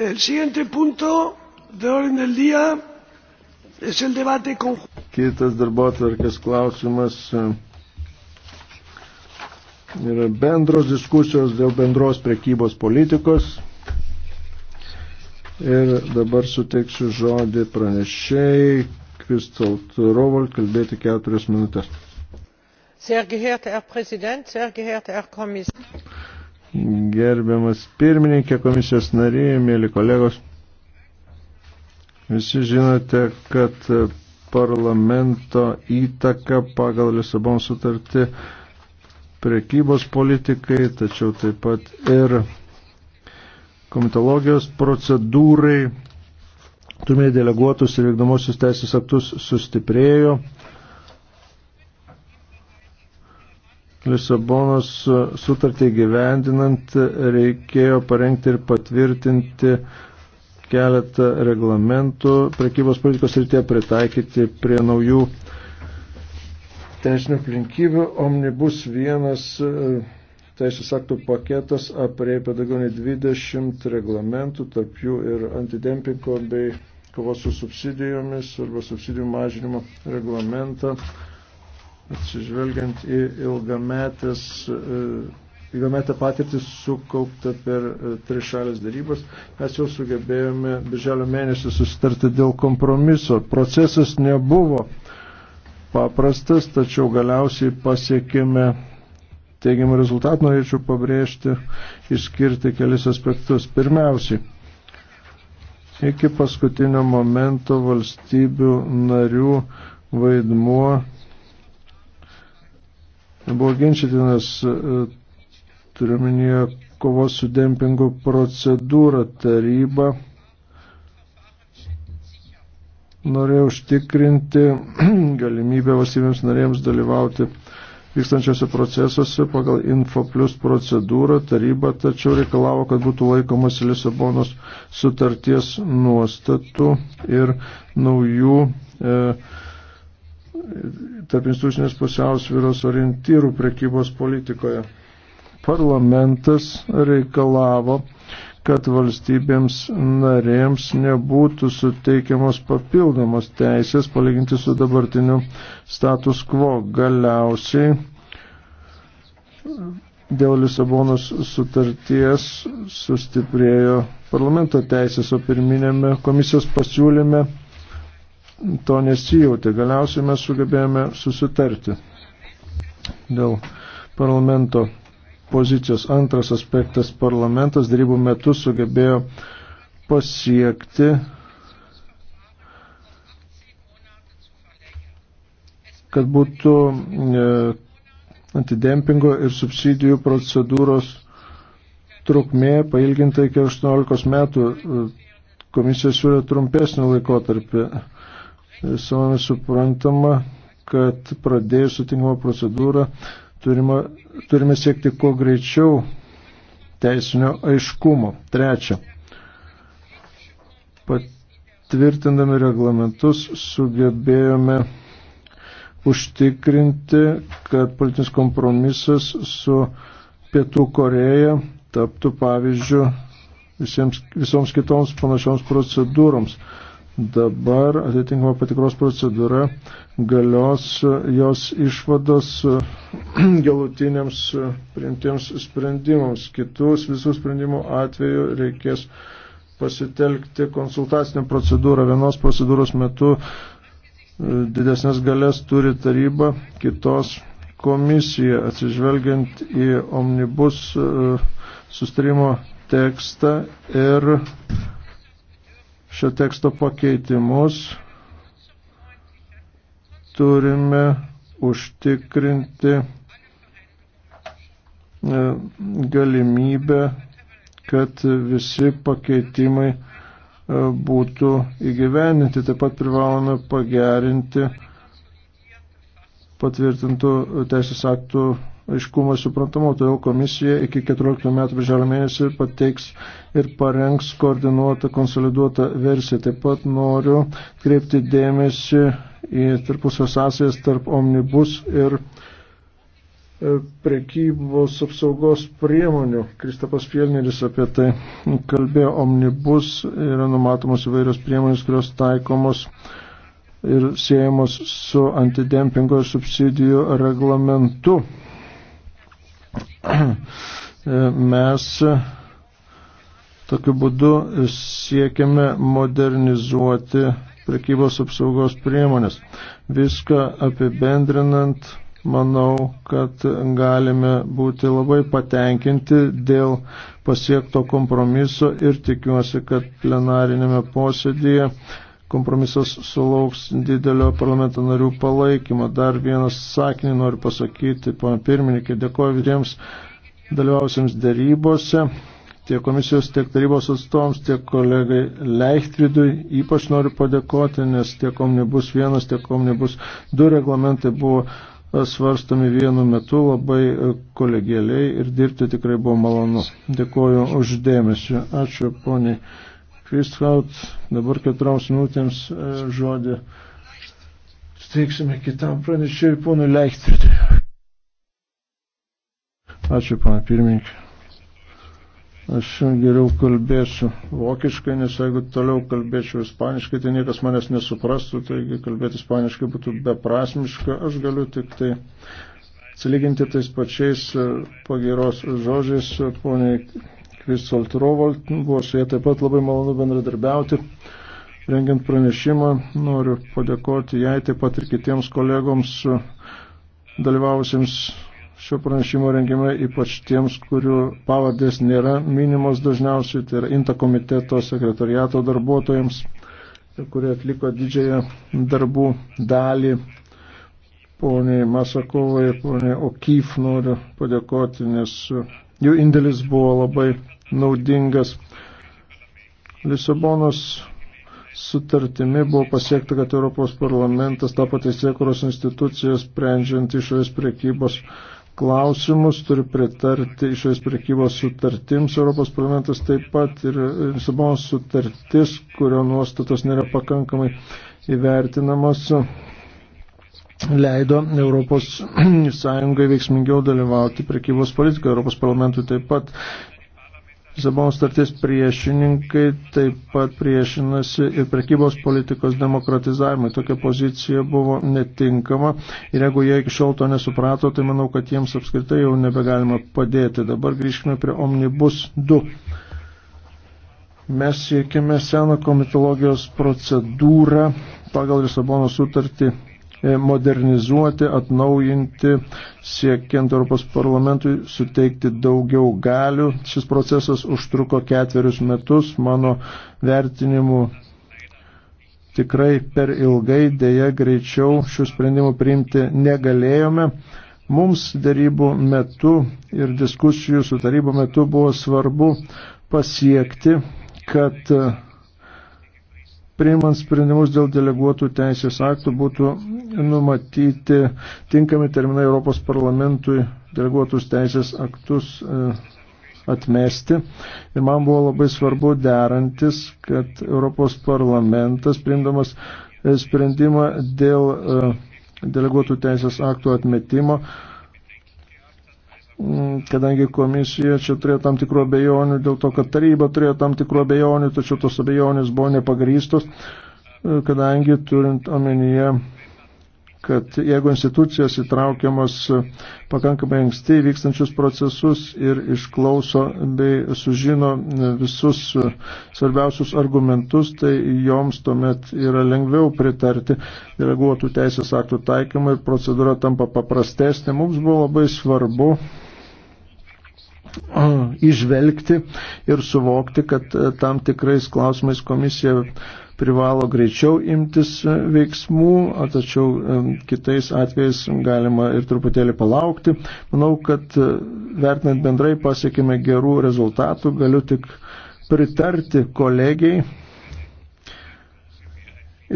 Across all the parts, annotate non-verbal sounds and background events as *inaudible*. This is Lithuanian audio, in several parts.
El siguiente punto de orden del día es el debate con... Kitas darbotvarkės klausimas e, yra bendros diskusijos dėl bendros prekybos politikos. Ir dabar suteiksiu žodį pranešėjai Kristal Rovol kalbėti keturias minutės. Sehr geehrter Herr Präsident, sehr geehrter Herr Kommissar. Gerbiamas pirmininkė, komisijos nariai, mėly kolegos, visi žinote, kad parlamento įtaka pagal Lisabon sutartį prekybos politikai, tačiau taip pat ir komitologijos procedūrai, turime deleguotus ir vykdomosius teisės aktus sustiprėjo. Lisabonos sutartį gyvendinant reikėjo parengti ir patvirtinti keletą reglamentų prekybos politikos rytie pritaikyti prie naujų teisinių aplinkybių. Omnibus vienas e, teisės aktų paketas apreipia daugiau nei 20 reglamentų, tarp jų ir antidempingo bei kovos su subsidijomis arba subsidijų mažinimo reglamentą atsižvelgiant į ilgametės, e, ilgametę patirtį sukauptą per e, trišalės darybas, mes jau sugebėjome birželio mėnesį susitarti dėl kompromiso. Procesas nebuvo paprastas, tačiau galiausiai pasiekime teigiamą rezultatą, norėčiau pabrėžti, išskirti kelis aspektus. Pirmiausiai, iki paskutinio momento valstybių narių vaidmuo buvo ginčytinas, e, turiuomenyje, kovos su dempingu procedūra taryba norėjo užtikrinti *clears throat* galimybę valstybėms narėms dalyvauti vykstančiose procesuose pagal Info Plus procedūrą taryba, tačiau reikalavo, kad būtų laikomas Lisabonos sutarties nuostatų ir naujų e, tarp institucinės pusiausvyros orientyrų prekybos politikoje. Parlamentas reikalavo, kad valstybėms narėms nebūtų suteikiamos papildomos teisės palyginti su dabartiniu status quo. Galiausiai dėl Lisabonos sutarties sustiprėjo parlamento teisės, o pirminėme komisijos pasiūlyme to nesijauti. Galiausiai mes sugebėjome susitarti dėl parlamento pozicijos. Antras aspektas - parlamentas darybų metu sugebėjo pasiekti, kad būtų e, antidempingo ir subsidijų procedūros trukmė pailginta iki 18 metų. E, komisija siūlė trumpesnį laikotarpį Savame suprantama, kad pradėjus sutinimo procedūrą turime, turime siekti kuo greičiau teisinio aiškumo. Trečia, patvirtindami reglamentus sugebėjome užtikrinti, kad politinis kompromisas su Pietų Koreja taptų pavyzdžių visiems, visoms kitoms panašioms procedūroms. Dabar atitinkama patikros procedūra galios jos išvados *clears throat* galutiniams priimtiems sprendimams. Kitus visų sprendimų atveju reikės pasitelkti konsultacinę procedūrą. Vienos procedūros metu e, didesnės galės turi taryba, kitos komisija atsižvelgiant į omnibus e, sustarimo tekstą ir šio teksto pakeitimus turime užtikrinti e, galimybę, kad visi pakeitimai e, būtų įgyveninti. Taip pat privalome pagerinti patvirtintų teisės aktų aiškumo ir suprantamo, todėl komisija iki 14 metų birželio mėnesį pateiks ir parengs koordinuotą, konsoliduotą versiją. Taip pat noriu kreipti dėmesį į tarpusio sąsajas tarp omnibus ir e, prekybos apsaugos priemonių. Kristapas Fielneris apie tai kalbėjo. Omnibus yra numatomos įvairios priemonės, kurios taikomos ir siejamos su antidempingo ir subsidijų reglamentu. *clears throat* Mes e, tokiu būdu siekiame modernizuoti prekybos apsaugos priemonės. Viską apibendrinant, manau, kad galime būti labai patenkinti dėl pasiekto kompromiso ir tikiuosi, kad plenarinėme posėdėje kompromisas sulauks didelio parlamento narių palaikymo. Dar vienas sakinį noriu pasakyti, pana pirmininkė, dėkoju visiems dalyvausiams darybose, tiek komisijos, tiek tarybos atstovams, tiek kolegai Leichtvidui. Ypač noriu padėkoti, nes tiek omnibus vienas, tiek omnibus du reglamentai buvo e, svarstomi vienu metu labai e, kolegėliai ir dirbti tikrai buvo malonu. Dėkoju uždėmesiu. Ačiū poniai. Kvisthaut, dabar keturioms minutėms e, žodį steiksime kitam pranešėjui, ponui Leichtritui. Ačiū, pana pirmininkė. Aš geriau kalbėsiu vokiškai, nes jeigu toliau kalbėčiau ispaniškai, tai niekas manęs nesuprastų, taigi kalbėti ispaniškai būtų beprasmiška. Aš galiu tik tai atsilyginti tais pačiais e, pagiros žodžiais, e, poniai Kristolt Rovolt. Buvo su jie taip pat labai malonu bendradarbiauti. Rengiant pranešimą noriu padėkoti jai taip pat ir kitiems kolegoms dalyvavusiems šio pranešimo rengime, ypač tiems, kurių pavardės nėra minimos dažniausiai, tai yra INTA komiteto sekretariato darbuotojams, kurie atliko didžiąją darbų dalį poniai Masakovai, poniai Okyf noriu padėkoti, nes jų indėlis buvo labai naudingas. Lisabonos sutartimi buvo pasiekta, kad Europos parlamentas tapo teisėkuros institucijos sprendžiant išorės priekybos klausimus, turi pritarti išorės priekybos sutartims. Europos parlamentas taip pat ir Lisabonos sutartis, kurio nuostatos nėra pakankamai įvertinamos, leido Europos *clears throat* Sąjungai veiksmingiau dalyvauti prekybos politikoje, Europos parlamentui taip pat. Lisabonos starties priešininkai taip pat priešinasi ir prekybos politikos demokratizavimui. Tokia pozicija buvo netinkama ir jeigu jie iki šiol to nesuprato, tai manau, kad jiems apskritai jau nebegalima padėti. Dabar grįžkime prie Omnibus 2. Mes siekime seną komitologijos procedūrą pagal Lisabono sutartį E, modernizuoti, atnaujinti, siekiant Europos parlamentui suteikti daugiau galių. Šis procesas užtruko ketverius metus, mano vertinimu tikrai per ilgai, dėja greičiau šių sprendimų priimti negalėjome. Mums darybų metu ir diskusijų su tarybų metu buvo svarbu pasiekti, kad priimant sprendimus dėl deleguotų teisės aktų būtų numatyti tinkami terminai Europos parlamentui deleguotus teisės aktus e, atmesti. Ir man buvo labai svarbu derantis, kad Europos parlamentas priimdamas e, sprendimą dėl e, deleguotų teisės aktų atmetimo Mm, kadangi komisija čia turėjo tam tikrų abejonių, dėl to, kad taryba turėjo tam tikrų abejonių, tačiau tos abejonės buvo nepagrystos, e, kadangi turint omenyje, kad jeigu institucijos įtraukiamas e, pakankamai anksti vykstančius procesus ir išklauso bei sužino e, visus svarbiausius argumentus, tai joms tuomet yra lengviau pritarti deleguotų teisės aktų taikymą ir procedūra tampa paprastesnė. Mums buvo labai svarbu išvelgti ir suvokti, kad e, tam tikrais klausimais komisija privalo greičiau imtis e, veiksmų, tačiau e, kitais atvejais galima ir truputėlį palaukti. Manau, kad vertinant bendrai pasiekime gerų rezultatų, galiu tik pritarti kolegiai.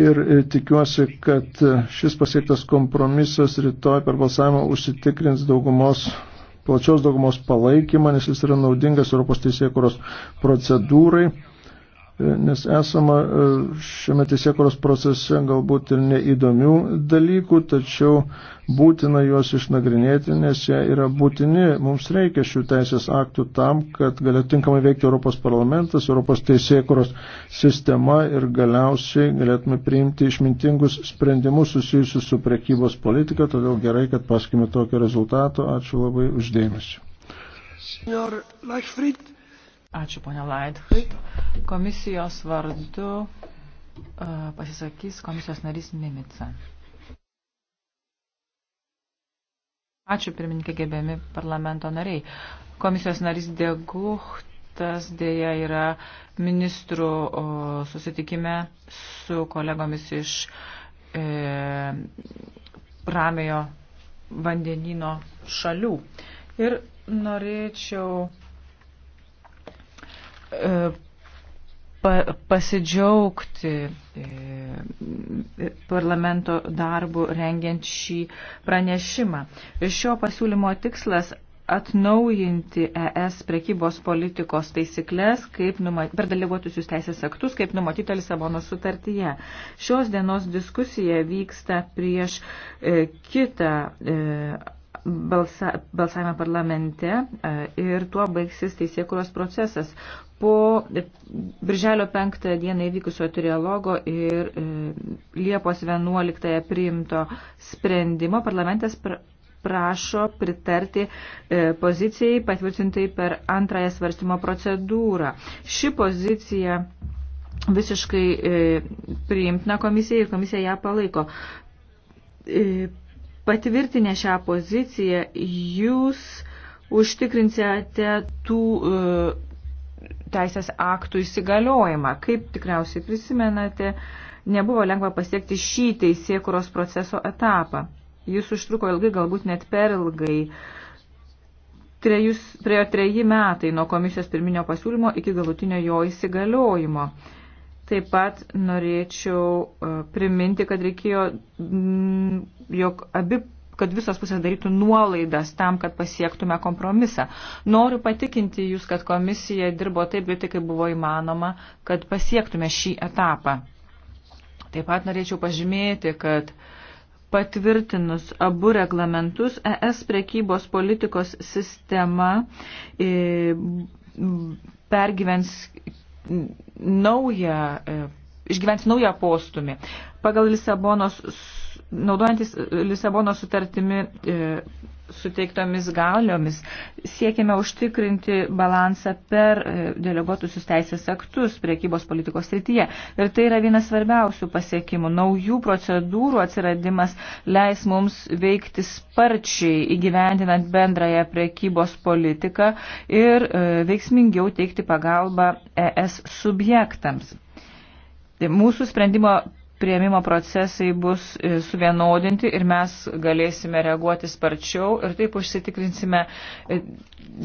Ir tikiuosi, kad šis pasiektas kompromisas rytoj per balsavimą užsitikrins daugumos plačios daugumos palaikymą, nes jis yra naudingas Europos teisėkuros procedūrai nes esama e, šiame teisėkuros procese galbūt ir neįdomių dalykų, tačiau būtina juos išnagrinėti, nes jie yra būtini. Mums reikia šių teisės aktų tam, kad galėtų tinkamai veikti Europos parlamentas, Europos teisėkuros sistema ir galiausiai galėtume priimti išmintingus sprendimus susijusius su prekybos politika, todėl gerai, kad paskime tokio rezultato. Ačiū labai uždėmesi. Senor Lachfried. Ačiū, ponia Laidhrit. Komisijos vardu e, pasisakys komisijos narys Mimica. Ačiū, pirmininkė, gebėmi parlamento nariai. Komisijos narys Degucht tas dėja yra ministrų susitikime su kolegomis iš e, Ramėjo vandenino šalių. Ir norėčiau E, pa, pasidžiaugti e, e, parlamento darbu rengiant šį pranešimą. Šio pasiūlymo tikslas atnaujinti ES prekybos politikos taisyklės numat, per deleguotusius teisės aktus, kaip numatyta Lisabono sutartyje. Šios dienos diskusija vyksta prieš e, kitą e, balsa, balsavimą parlamente e, ir tuo baigsis teisėkuros procesas. Po Birželio 5 dieną įvykusio trialogo ir e, Liepos 11 priimto sprendimo parlamentas prašo pritarti e, pozicijai patvirtintai per antrąją svarstymo procedūrą. Ši pozicija visiškai priimtina komisija ir komisija ją palaiko patvirtinę šią poziciją, jūs užtikrinsite tų e, teisės aktų įsigaliojimą. Kaip tikriausiai prisimenate, nebuvo lengva pasiekti šį teisėkuros proceso etapą. Jis užtruko ilgai, galbūt net per ilgai. Trejus, priejo treji metai nuo komisijos pirminio pasiūlymo iki galutinio jo įsigaliojimo. Taip pat norėčiau e, priminti, kad reikėjo, jog abi kad visos pusės darytų nuolaidas tam, kad pasiektume kompromisą. Noriu patikinti Jūs, kad komisija dirbo taip greitai, kaip buvo įmanoma, kad pasiektume šį etapą. Taip pat norėčiau pažymėti, kad patvirtinus abu reglamentus ES prekybos politikos sistema e, pergyvens naują, e, išgyventi naują postumį. Pagal Lisabonos naudojantis Lisabono sutartimi e, suteiktomis galiomis, siekime užtikrinti balansą per e, deleguotusius teisės aktus priekybos politikos srityje. Ir tai yra vienas svarbiausių pasiekimų. Naujų procedūrų atsiradimas leis mums veikti sparčiai įgyvendinant bendrąją priekybos politiką ir e, veiksmingiau teikti pagalbą ES subjektams. Mūsų sprendimo prieimimo procesai bus e, suvienodinti ir mes galėsime reaguoti sparčiau ir taip užsitikrinsime e,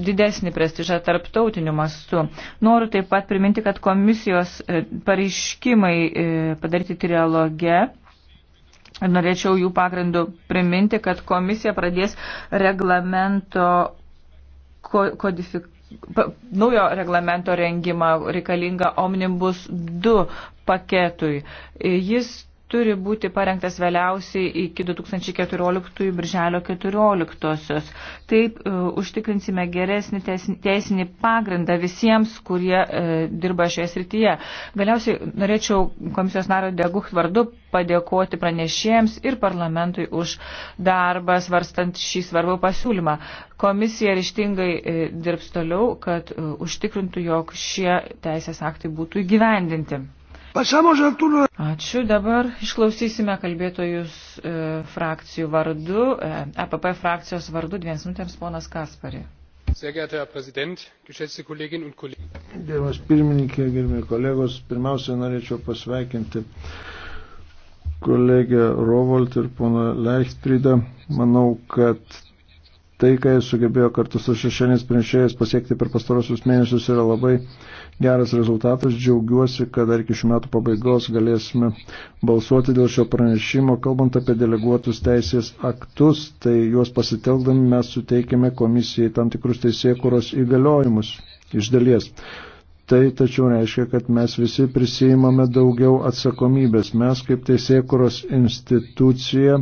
didesnį prestižą tarptautiniu mastu. Noriu taip pat priminti, kad komisijos e, pareiškimai padaryti trialoge ir norėčiau jų pagrindų priminti, kad komisija pradės reglamento kodifikaciją naujo reglamento rengimą reikalingą Omnibus 2 paketui. Jis turi būti parengtas vėliausiai iki 2014 birželio 14-osios. Taip uh, užtikrinsime geresnį teisinį pagrindą visiems, kurie uh, dirba šioje srityje. Galiausiai norėčiau komisijos nario Degucht vardu padėkoti pranešėjams ir parlamentui už darbą svarstant šį svarbų pasiūlymą. Komisija ryštingai uh, dirbs toliau, kad uh, užtikrintų, jog šie teisės aktai būtų įgyvendinti. Ačiū. Dabar išklausysime kalbėtojus e, frakcijų vardu, e, APP e frakcijos vardu, dviems minutėms ponas Kaspari. Gerbiamas pirmininkė, gerbiami kolegos, pirmiausia norėčiau pasveikinti kolegę Rovolt ir poną Leichtfriedą. Manau, kad tai, ką jis sugebėjo kartu su šešėlinis pranešėjais pasiekti per pastarosius mėnesius, yra labai geras rezultatas. Džiaugiuosi, kad dar iki šių metų pabaigos galėsime balsuoti dėl šio pranešimo. Kalbant apie deleguotus teisės aktus, tai juos pasitelkdami mes suteikėme komisijai tam tikrus teisėkuros įgaliojimus iš dalies. Tai tačiau reiškia, kad mes visi prisijimame daugiau atsakomybės. Mes kaip teisėkuros institucija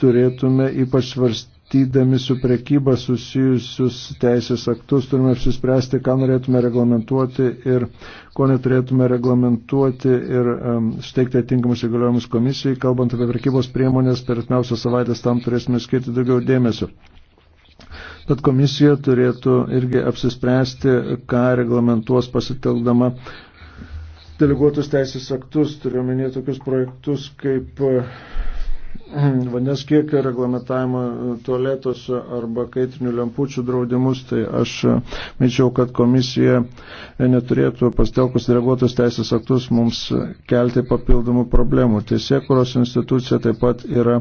turėtume ypač svarstyti svarstydami su prekyba susijusius teisės aktus turime apsispręsti, ką norėtume reglamentuoti ir ko neturėtume reglamentuoti ir um, steigti atinkamus įgaliojimus komisijai. Kalbant apie prekybos priemonės, per atmiausią savaitę tam turėsime skirti daugiau dėmesio. Tad komisija turėtų irgi apsispręsti, ką reglamentuos pasitelkdama deleguotus teisės aktus, turiu minėti tokius projektus kaip uh, *clears throat* vandens kiekio reglamentavimą tualetuose arba kaitinių lempučių draudimus, tai aš e, minčiau, kad komisija e, neturėtų pastelkus reaguotus teisės aktus mums kelti papildomų problemų. Teisėkuros institucija taip pat yra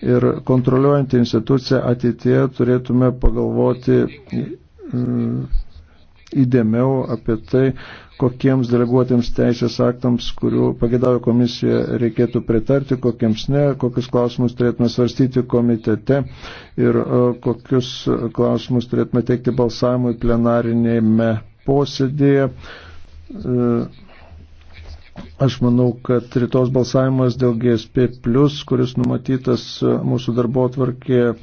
ir kontroliuojantį instituciją ateitie turėtume pagalvoti įdėmiau apie tai, kokiems deleguotiems teisės aktams, kurių pagėdavo komisija, reikėtų pritarti, kokiems ne, kokius klausimus turėtume svarstyti komitete ir e, kokius klausimus turėtume teikti balsavimui plenarinėme posėdėje. E, aš manau, kad rytos balsavimas dėl GSP, kuris numatytas e, mūsų darbo atvarkėje,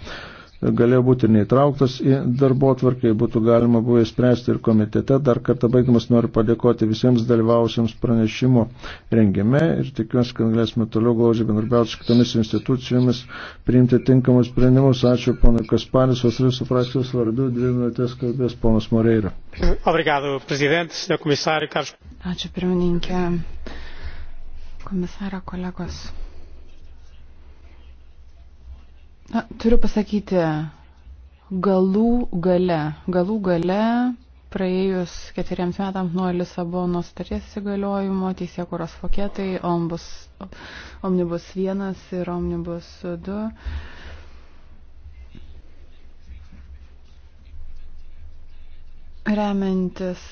galėjo būti neįtrauktas į darbo tvarkai, būtų galima buvo įspręsti ir komitete. Dar kartą baigdamas noriu padėkoti visiems dalyvausiems pranešimo rengime ir tikiuosi, kad galėsime toliau glaudžiai bendarbiauti su kitomis institucijomis, priimti tinkamus sprendimus. Ačiū ponui Kasparis, Vasarysų frakcijos vardu, dvi minutės kalbės ponas Moreira. Obrigado, prezidentas, komisarė Karš. Ačiū pirmininkė, komisarą kolegos. Na, turiu pasakyti, galų gale, galų gale praėjus keturiems metams nuo Lisabonos starties įgaliojimo, teisėkuros foketai, ombus, omnibus 1 ir omnibus 2. Remiantis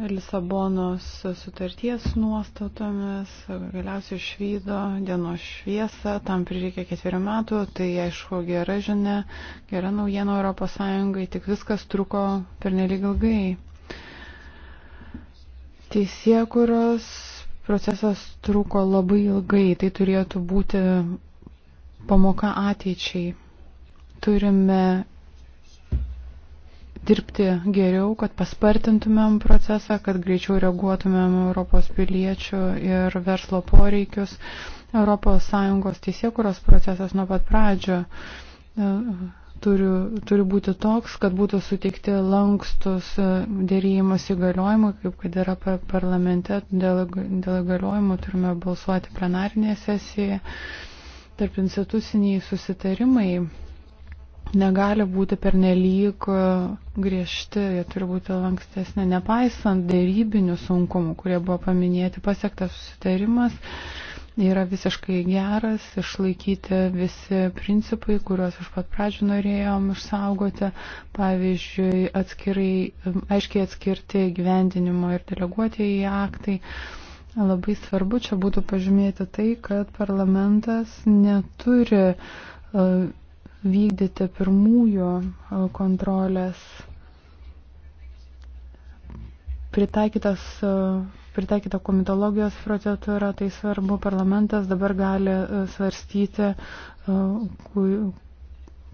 Lisabonos sutarties nuostatomis, galiausiai išvydo dienos šviesą, tam prireikė ketverių metų, tai aišku gera žinia, gera naujiena Europos Sąjungai, tik viskas truko per nelig ilgai. Teisėkuros procesas truko labai ilgai, tai turėtų būti pamoka ateičiai. Turime dirbti geriau, kad paspartintumėm procesą, kad greičiau reaguotumėm Europos piliečių ir verslo poreikius. ES teisėkuros procesas nuo pat pradžio e, turi, turi būti toks, kad būtų suteikti lankstus e, dėrėjimus įgaliojimų, kaip kad yra parlamente, dėl, dėl įgaliojimų turime balsuoti plenarinėje sesijoje, tarp instituciniai susitarimai negali būti pernelyg e, griežti, jie turi būti lankstesnė, nepaisant dėrybinių sunkumų, kurie buvo paminėti, pasiektas susitarimas yra visiškai geras, išlaikyti visi principai, kuriuos iš pat pradžių norėjom išsaugoti, pavyzdžiui, atskirai, aiškiai atskirti gyvendinimo ir deleguotieji aktai. Labai svarbu čia būtų pažymėti tai, kad parlamentas neturi e, vykdyti pirmųjų e, kontrolės pritaikytas, e, pritaikyta komitologijos procedūra, tai svarbu, parlamentas dabar gali e, svarstyti,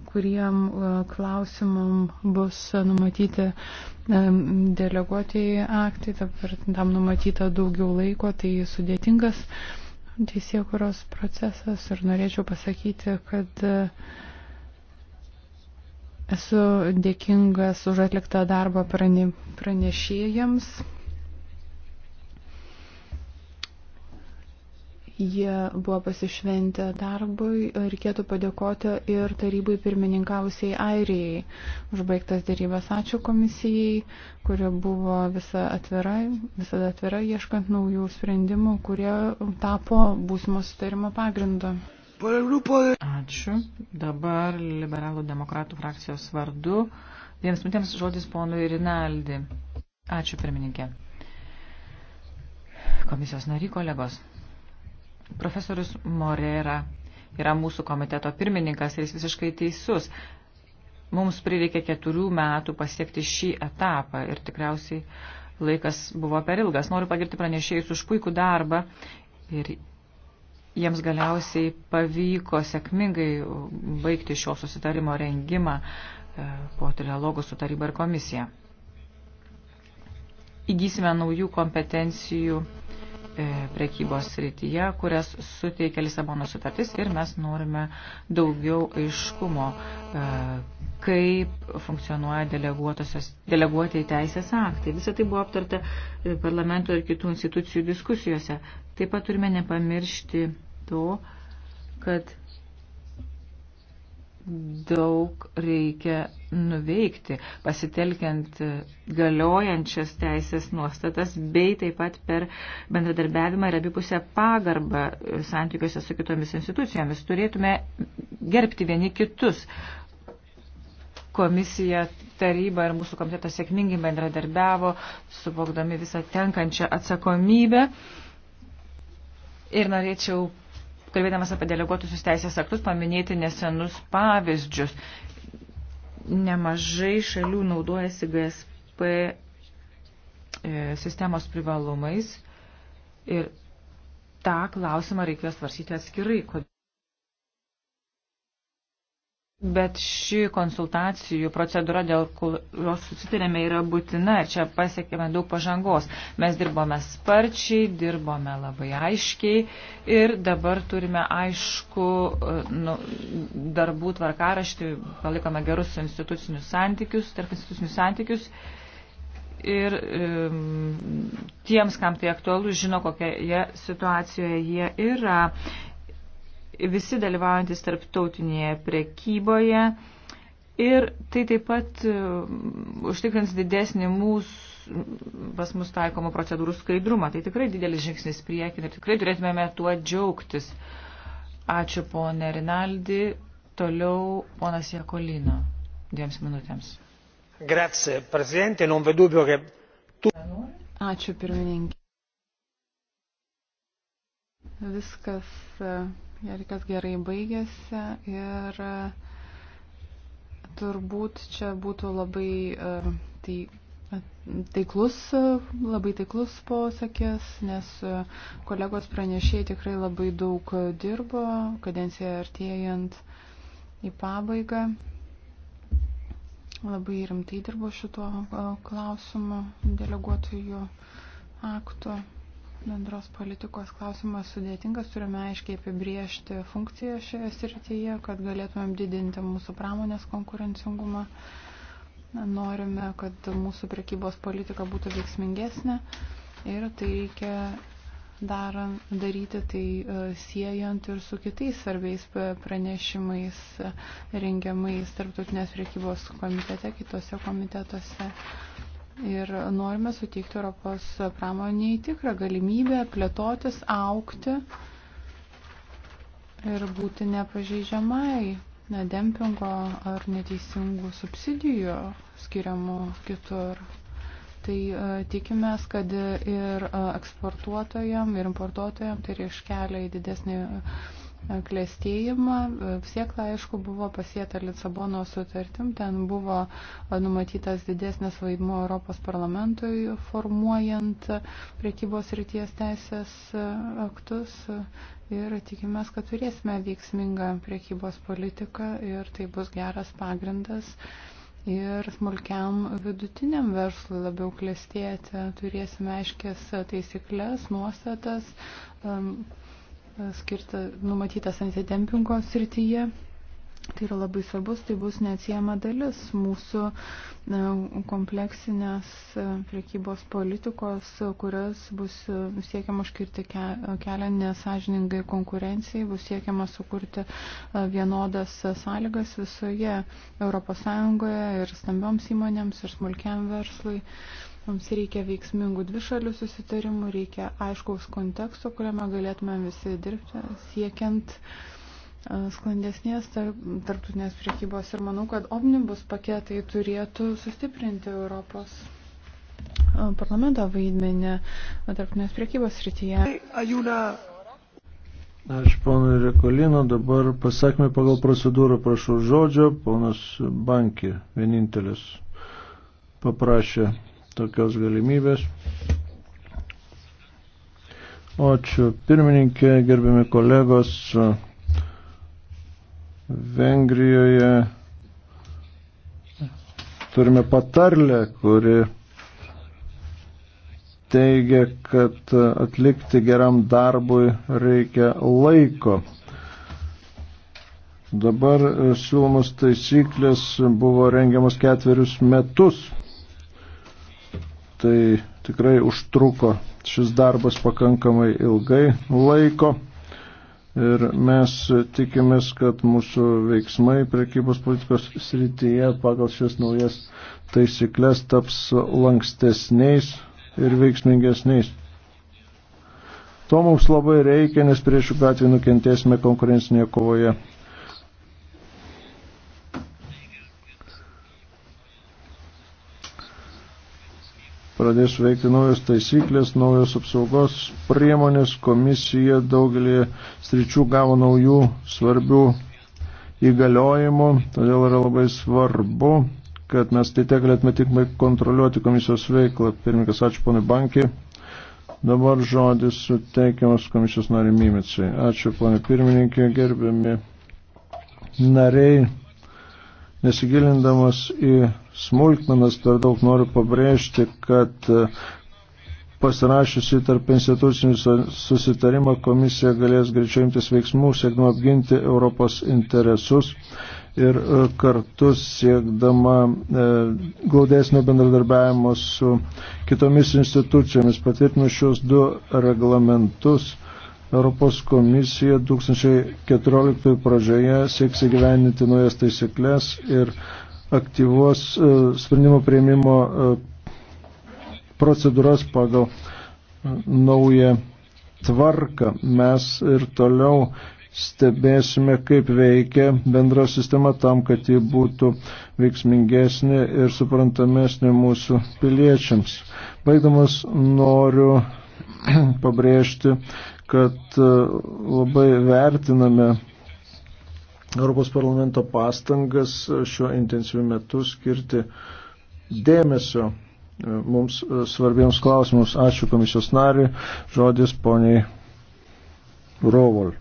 kuriem klausimam bus numatyti deleguotieji aktai, dabar tam numatyta daugiau laiko, tai sudėtingas teisėkuros procesas ir norėčiau pasakyti, kad uh, Esu dėkingas už atliktą darbą prane, pranešėjams. Jie buvo pasišventę darbui. Reikėtų padėkoti ir tarybai pirmininkavusiai Airijai. Užbaigtas dėrybas ačiū komisijai, kuri buvo visa atvira, visada atvira ieškant naujų sprendimų, kurie tapo būsimo sutarimo pagrindu. Ačiū. Dabar liberalų demokratų frakcijos vardu. Vienas minutėms žodis ponui Rinaldi. Ačiū, pirmininkė. Komisijos nary kolegos. Profesorius Morera yra mūsų komiteto pirmininkas ir jis visiškai teisus. Mums prireikė keturių metų pasiekti šį etapą ir tikriausiai laikas buvo per ilgas. Noriu pagirti pranešėjus už puikų darbą ir jiems galiausiai pavyko sėkmingai baigti šio susitarimo rengimą e, po trialogų su taryba ir komisija. Įgysime naujų kompetencijų e, prekybos srityje, kurias suteikia Lisabono sutartis ir mes norime daugiau aiškumo, e, kaip funkcionuoja deleguotai teisės aktai. Visą tai buvo aptarta parlamento ir kitų institucijų diskusijose. Taip pat turime nepamiršti to, kad daug reikia nuveikti, pasitelkiant galiojančias teisės nuostatas, bei taip pat per bendradarbiavimą ir abipusę pagarbą santykiuose su kitomis institucijomis. Turėtume gerbti vieni kitus. Komisija, taryba ir mūsų komitetas sėkmingai bendradarbiavo, suvokdami visą tenkančią atsakomybę. Ir norėčiau kalbėdamas apie deleguotusius teisės aktus, paminėti nesenus pavyzdžius. Nemažai šalių naudojasi GSP e, sistemos privalumais ir tą klausimą reikės svarsyti atskirai. Bet ši konsultacijų procedūra, dėl kurios susitarėme, yra būtina ir čia pasiekėme daug pažangos. Mes dirbome sparčiai, dirbome labai aiškiai ir dabar turime aišku e, nu, darbų tvarkaraštį, palikome gerus institucinius santykius, tarp institucinius santykius. Ir um, tiems, kam tai aktualu, žino, kokioje situacijoje jie yra visi dalyvaujantis tarptautinėje prekyboje ir tai taip pat e, užtikrins didesnį mūsų pas mus taikomų procedūrų skaidrumą. Tai tikrai didelis žingsnis priekin ir tikrai turėtumėme tuo džiaugtis. Ačiū ponė Rinaldi. Toliau ponas Jakolino. Dviems minutėms. Grazie, prezidentė. Non vedu dubbio, che tu... Ačiū pirmininkė. Viskas e, Erikas gerai baigėsi ir turbūt čia būtų labai e, tai, taiklus, labai taiklus posakis, nes e, kolegos pranešėjai tikrai labai daug dirbo, kadencija artėjant į pabaigą. Labai rimtai dirbo šituo e, klausimu deleguotojų aktu bendros politikos klausimas sudėtingas, turime aiškiai apibriežti funkciją šioje srityje, kad galėtumėm didinti mūsų pramonės konkurencingumą. Norime, kad mūsų prekybos politika būtų veiksmingesnė ir tai reikia dar, daryti tai e, siejant ir su kitais svarbiais pranešimais rengiamais tarptautinės prekybos komitete, kitose komitetuose ir norime suteikti Europos pramoniai tikrą galimybę plėtotis, aukti ir būti nepažeidžiamai ne dempingo ar neteisingų subsidijų skiriamų kitur. Tai e, tikimės, kad ir e, eksportuotojam, ir importuotojam tai reiškia į didesnį klėstėjimą. Siekla, aišku, buvo pasėta Lisabono sutartim, ten buvo numatytas didesnis vaidmuo Europos parlamentui formuojant priekybos ryties teisės aktus ir tikimės, kad turėsime veiksmingą priekybos politiką ir tai bus geras pagrindas. Ir smulkiam vidutiniam verslui labiau klėstėti turėsime aiškės taisyklės, nuostatas. Um, skirta, numatytas antidempingo srityje. Tai yra labai svarbus, tai bus neatsiema dalis mūsų kompleksinės e, priekybos politikos, kurias bus e, siekiama užkirti kelią nesažiningai konkurencijai, bus siekiama sukurti e, vienodas sąlygas visoje ES ir stambioms įmonėms, ir smulkiam verslui. Mums reikia veiksmingų dvišalių susitarimų, reikia aiškaus konteksto, kuriame galėtume visi dirbti, siekiant sklandesnės tarptautinės priekybos. Ir manau, kad omnibus paketai turėtų sustiprinti Europos parlamento vaidmenį tarptautinės priekybos srityje. Ajūna. Aš ponui Rekolino, dabar pasakymai pagal procedūrą prašau žodžio, ponas Banki vienintelis paprašė tokios galimybės. Ačiū pirmininkė, gerbiami kolegos. Vengrijoje turime patarlę, kuri teigia, kad atlikti geram darbui reikia laiko. Dabar siūlomos taisyklės buvo rengiamas ketverius metus tai tikrai užtruko šis darbas pakankamai ilgai laiko. Ir mes tikimės, kad mūsų veiksmai prekybos politikos srityje pagal šias naujas taisyklės taps lankstesniais ir veiksmingesniais. To mums labai reikia, nes priešų gatvį nukentėsime konkurencinėje kovoje pradės veikti naujos taisyklės, naujos apsaugos priemonės, komisija daugelį sričių gavo naujų svarbių įgaliojimų, todėl yra labai svarbu, kad mes tai tiek galėtume tik kontroliuoti komisijos veiklą. Pirmininkas, ačiū ponui Bankį. Dabar žodis suteikiamas komisijos nariai Mimicai. Ačiū ponė pirmininkė, gerbiami nariai, nesigilindamas į smulkmenas, per daug noriu pabrėžti, kad e, pasirašiusi tarp institucinių susitarimą komisija galės greičiau imtis veiksmų, siekdama apginti Europos interesus ir e, kartu siekdama e, glaudesnio bendradarbiavimo su kitomis institucijomis. Patvirtinus šios du reglamentus, Europos komisija 2014 pradžioje sieks įgyveninti naujas taisyklės ir aktyvos e, sprendimo prieimimo e, procedūras pagal e, naują tvarką. Mes ir toliau stebėsime, kaip veikia bendra sistema tam, kad ji būtų veiksmingesnė ir suprantamesnė mūsų piliečiams. Baigdamas noriu *clears throat* pabrėžti, kad labai vertiname Europos parlamento pastangas šiuo intensyviu metu skirti dėmesio e, mums e, svarbiems klausimams. Ačiū komisijos nariui. Žodis poniai Rovol.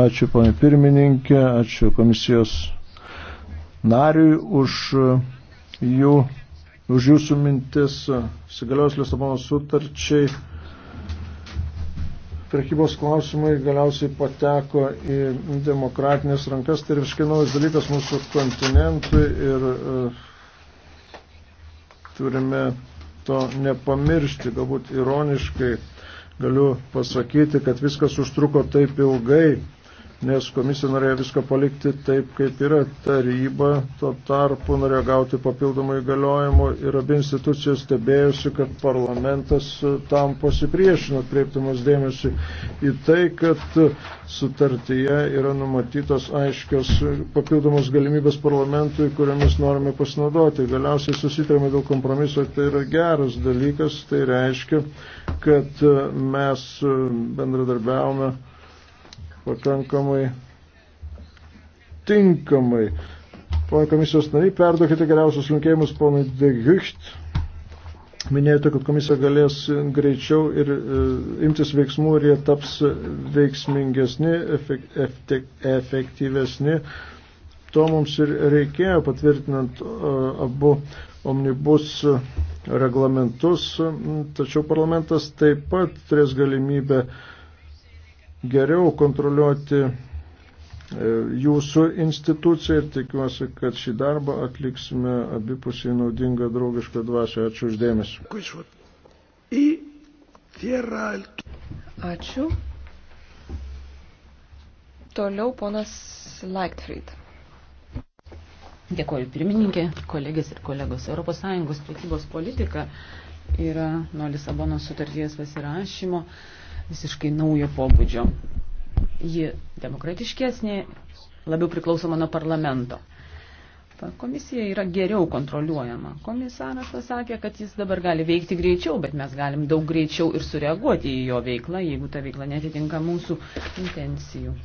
Ačiū poniai pirmininkė, ačiū komisijos nariui už, e, jų, už jūsų mintis. Sigalios Lisabono sutarčiai prekybos klausimai galiausiai pateko į demokratinės rankas, tai ir visiškai naujas dalykas mūsų kontinentui ir uh, turime to nepamiršti. Galbūt ironiškai galiu pasakyti, kad viskas užtruko taip ilgai, nes komisija norėjo viską palikti taip, kaip yra. Taryba tuo tarpu norėjo gauti papildomų įgaliojimų ir abi institucijos stebėjusi, kad parlamentas tam pasipriešino, kreiptamas dėmesį į tai, kad sutartyje yra numatytos aiškios papildomos galimybės parlamentui, kuriomis norime pasinaudoti. Galiausiai susitarėme dėl kompromiso, tai yra geras dalykas, tai reiškia, kad mes bendradarbiavome pakankamai tinkamai. Pone komisijos nariai, perduokite geriausius linkėjimus ponui Degicht. Minėjote, kad komisija galės greičiau ir e, imtis veiksmų ir jie taps veiksmingesni, efek, efek, efektyvesni. To mums ir reikėjo patvirtinant e, abu omnibus reglamentus, tačiau parlamentas taip pat turės galimybę e, geriau kontroliuoti e, jūsų instituciją ir tikiuosi, kad šį darbą atliksime abipusiai naudingą draugišką dvasę. Ačiū uždėmesi. Ačiū. Toliau ponas Lightfried. Dėkoju pirmininkė, kolegės ir kolegos. ES prekybos politika yra nuo Lisabono sutarties pasirašymo visiškai naujo pobūdžio. Ji demokratiškesnė, labiau priklausoma nuo parlamento. Komisija yra geriau kontroliuojama. Komisaras pasakė, kad jis dabar gali veikti greičiau, bet mes galim daug greičiau ir sureaguoti į jo veiklą, jeigu ta veikla netitinka mūsų intencijų.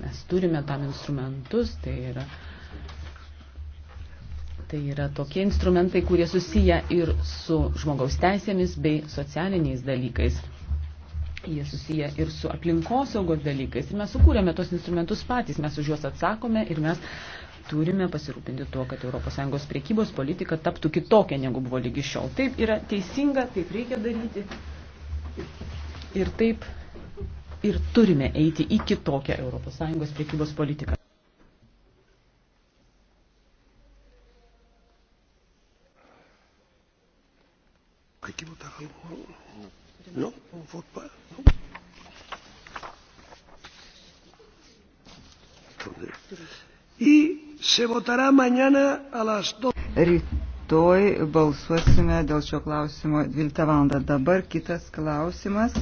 Mes turime tam instrumentus, tai yra Tai yra tokie instrumentai, kurie susiję ir su žmogaus teisėmis bei socialiniais dalykais jie susiję ir su aplinkosaugos dalykais. Ir mes sukūrėme tos instrumentus patys, mes už juos atsakome ir mes turime pasirūpinti tuo, kad ES priekybos politika taptų kitokia, negu buvo lygi šiol. Taip yra teisinga, taip reikia daryti ir taip ir turime eiti į kitokią ES priekybos politiką. Aquí votar algo. Non, on ne vote pas. Non. Attendez. Y se votará mañana a las 12. Rytoj balsuosime dėl šio klausimo 12 val. Dabar kitas klausimas.